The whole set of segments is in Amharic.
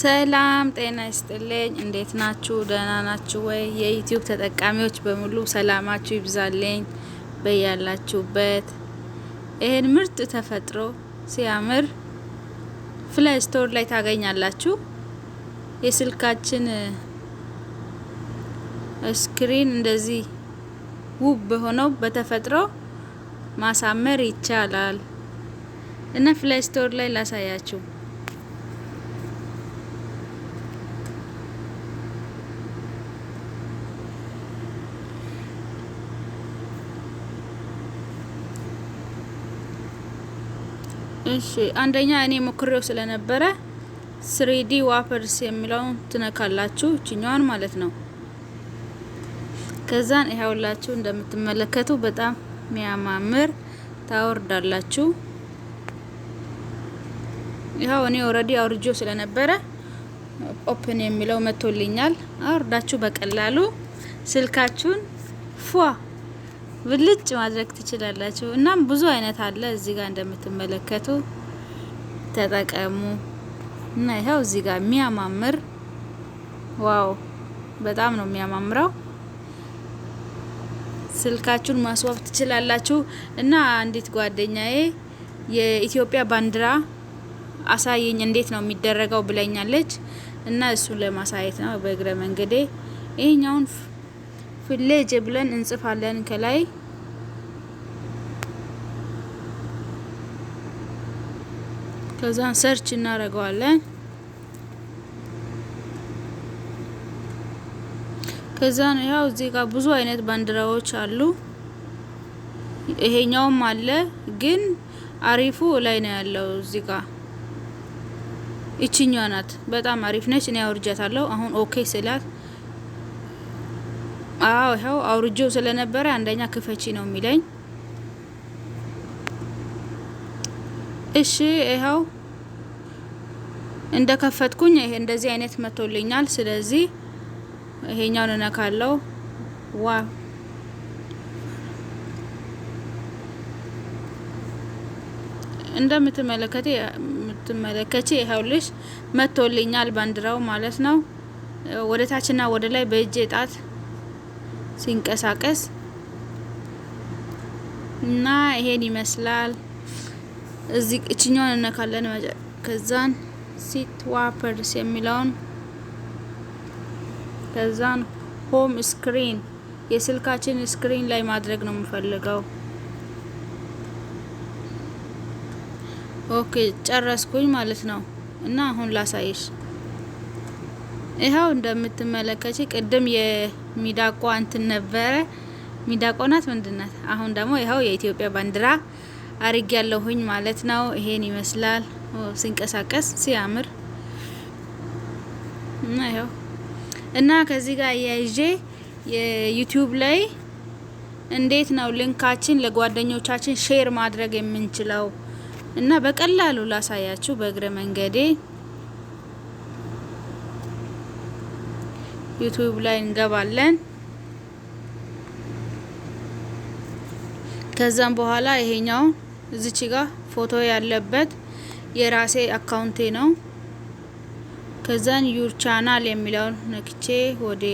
ሰላም ጤና ይስጥልኝ። እንዴት ናችሁ? ደህና ናችሁ ወይ? የዩቲዩብ ተጠቃሚዎች በሙሉ ሰላማችሁ ይብዛልኝ በያላችሁበት። ይህን ምርጥ ተፈጥሮ ሲያምር ፕሌይ ስቶር ላይ ታገኛላችሁ። የስልካችን ስክሪን እንደዚህ ውብ በሆነው በተፈጥሮ ማሳመር ይቻላል እና ፕሌይ ስቶር ላይ ላሳያችሁ እሺ አንደኛ እኔ ሞክሬው ስለነበረ ስሪዲ ዋፐርስ የሚለውን ትነካላችሁ እችኛዋን ማለት ነው። ከዛን ይሄውላችሁ እንደምትመለከቱ በጣም የሚያማምር ታወርዳላችሁ። ይኸው እኔ ኦልሬዲ አውርጆ ስለነበረ ኦፕን የሚለው መቶልኛል። አውርዳችሁ በቀላሉ ስልካችሁን ፏ ብልጭ ማድረግ ትችላላችሁ። እናም ብዙ አይነት አለ እዚህ ጋር እንደምትመለከቱ ተጠቀሙ እና ይኸው እዚህ ጋር የሚያማምር ዋው፣ በጣም ነው የሚያማምረው። ስልካችሁን ማስዋብ ትችላላችሁ። እና አንዲት ጓደኛዬ የኢትዮጵያ ባንዲራ አሳየኝ እንዴት ነው የሚደረገው ብለኛለች። እና እሱን ለማሳየት ነው በእግረ መንገዴ ይሄኛውን ፍሌጅ ብለን እንጽፋለን ከላይ ከዛን ሰርች እናደርገዋለን። ከዛን ያው እዚህ ጋር ብዙ አይነት ባንዲራዎች አሉ። ይሄኛውም አለ ግን አሪፉ ላይ ነው ያለው። እዚህ ጋር ይችኛዋ ናት። በጣም አሪፍ ነች። እኔ አውርጃታለሁ። አሁን ኦኬ ስላት አዎ ይኸው አውርጆ ስለነበረ አንደኛ ክፈቺ ነው የሚለኝ። እሺ ይኸው እንደ ከፈትኩኝ ይሄ እንደዚህ አይነት መቶልኛል። ስለዚህ ይሄኛውን እነካለው። ዋ እንደምትመለከቴ የምትመለከቼ ይኸው ልሽ መቶልኛል ባንዲራው ማለት ነው። ወደ ታችና ወደ ላይ በእጄ ጣት ሲንቀሳቀስ እና ይሄን ይመስላል። እዚ እችኛውን እነካለን። ከዛን ሲት ዋፐርስ የሚለውን ከዛን ሆም ስክሪን የስልካችን ስክሪን ላይ ማድረግ ነው የምፈልገው። ኦኬ ጨረስኩኝ ማለት ነው እና አሁን ላሳይሽ ይኸው እንደምትመለከች ቅድም የሚዳቋ እንትን ነበረ። ሚዳቆናት ምንድናት? አሁን ደግሞ ይኸው የኢትዮጵያ ባንዲራ አርግ ያለሁኝ ማለት ነው። ይሄን ይመስላል ሲንቀሳቀስ ሲያምር እና ይኸው እና ከዚህ ጋር አያይዤ የዩቲዩብ ላይ እንዴት ነው ሊንካችን ለጓደኞቻችን ሼር ማድረግ የምንችለው እና በቀላሉ ላሳያችሁ በእግረ መንገዴ ዩቲዩብ ላይ እንገባለን። ከዛም በኋላ ይሄኛው እዚች ጋር ፎቶ ያለበት የራሴ አካውንቴ ነው። ከዛን ዩር ቻናል የሚለውን ነክቼ ወደ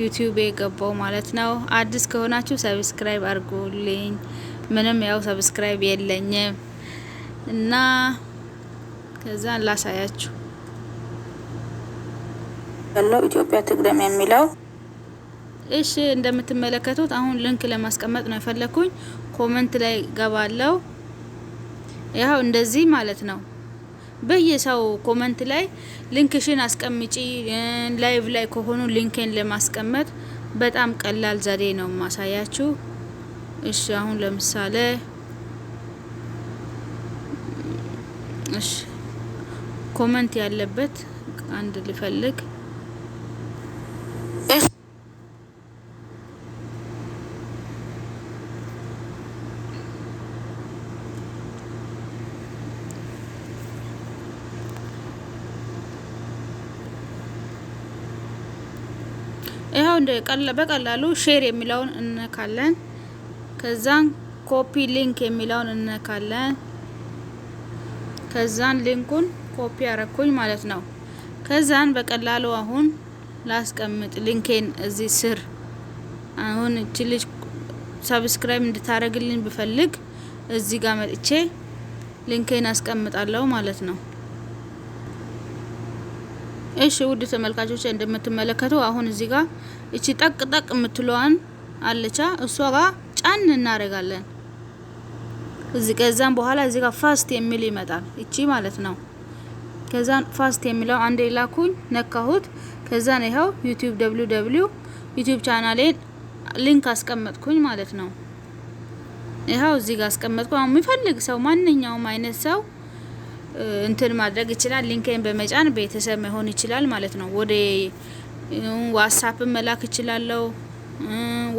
ዩቲዩብ የገባው ማለት ነው። አዲስ ከሆናችሁ ሰብስክራይብ አድርጉልኝ። ምንም ያው ሰብስክራይብ የለኝም እና ከዛን ላሳያችሁ ያለው ኢትዮጵያ ትቅደም የሚለው እሺ፣ እንደምትመለከቱት አሁን ልንክ ለማስቀመጥ ነው የፈለኩኝ። ኮመንት ላይ ገባለው። ያው እንደዚህ ማለት ነው። በየሰው ኮመንት ላይ ሊንክሽን አስቀምጪ። ላይቭ ላይ ከሆኑ ሊንክን ለማስቀመጥ በጣም ቀላል ዘዴ ነው ማሳያችሁ። እሺ፣ አሁን ለምሳሌ እሺ፣ ኮመንት ያለበት አንድ ልፈልግ ይኸው በቀላሉ ሼር የሚለውን እነካለን። ከዛን ኮፒ ሊንክ የሚለውን እነካለን። ከዛን ሊንኩን ኮፒ ያረኩኝ ማለት ነው። ከዛን በቀላሉ አሁን ላስቀምጥ ሊንኬን እዚህ ስር። አሁን እቺ ልጅ ሰብስክራይብ እንድታደርግልኝ ብፈልግ እዚህ ጋር መጥቼ ሊንኬን አስቀምጣለሁ ማለት ነው። እሺ ውድ ተመልካቾች እንደምትመለከቱ አሁን እዚህ ጋር እቺ ጠቅ ጠቅ የምትለዋን አለቻ እሷ ጋር ጫን እናደርጋለን። እዚህ ከዛም በኋላ እዚህ ጋር ፋስት የሚል ይመጣል። እቺ ማለት ነው። ከዛን ፋስት የሚለው አንዴ ላኩኝ ነካሁት። ከዛን ይኸው ዩቲዩብ ደብሊው ደብሊው ዩቲዩብ ቻናሌን ሊንክ አስቀመጥኩኝ ማለት ነው። ይኸው እዚህ ጋር አስቀመጥኩ። አሁን የሚፈልግ ሰው ማንኛውም አይነት ሰው እንትን ማድረግ ይችላል። ሊንክን በመጫን ቤተሰብ መሆን ይችላል ማለት ነው። ወደ ዋትሳፕ መላክ ይችላለው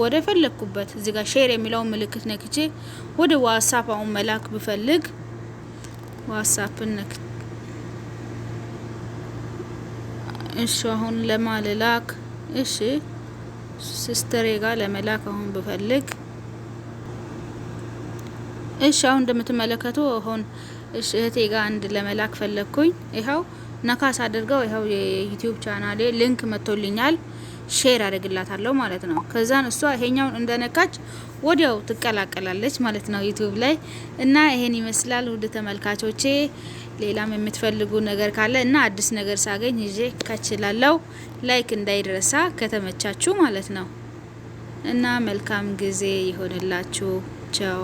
ወደ ፈለግኩበት እዚህ ጋር ሼር የሚለው ምልክት ነክቼ ወደ ዋትሳፕ አሁን መላክ ብፈልግ ዋትሳፕን ነክ እሺ፣ አሁን ለማልላክ እሺ፣ ሲስተሬ ጋር ለመላክ አሁን ብፈልግ እሺ፣ አሁን እንደምትመለከቱ አሁን እህቴ ጋር አንድ ለመላክ ፈለግኩኝ። ይኸው ነካስ አድርገው ይኸው የዩቲዩብ ቻናሌ ሊንክ መጥቶልኛል። ሼር አድርግላታለሁ ማለት ነው። ከዛን እሷ ይሄኛውን እንደነካች ወዲያው ትቀላቀላለች ማለት ነው ዩቲዩብ ላይ እና ይሄን ይመስላል ውድ ተመልካቾቼ። ሌላም የምትፈልጉ ነገር ካለ እና አዲስ ነገር ሳገኝ ይዤ ከችላለው ላይክ እንዳይረሳ ከተመቻችሁ ማለት ነው እና መልካም ጊዜ ይሆንላችሁ። ቸው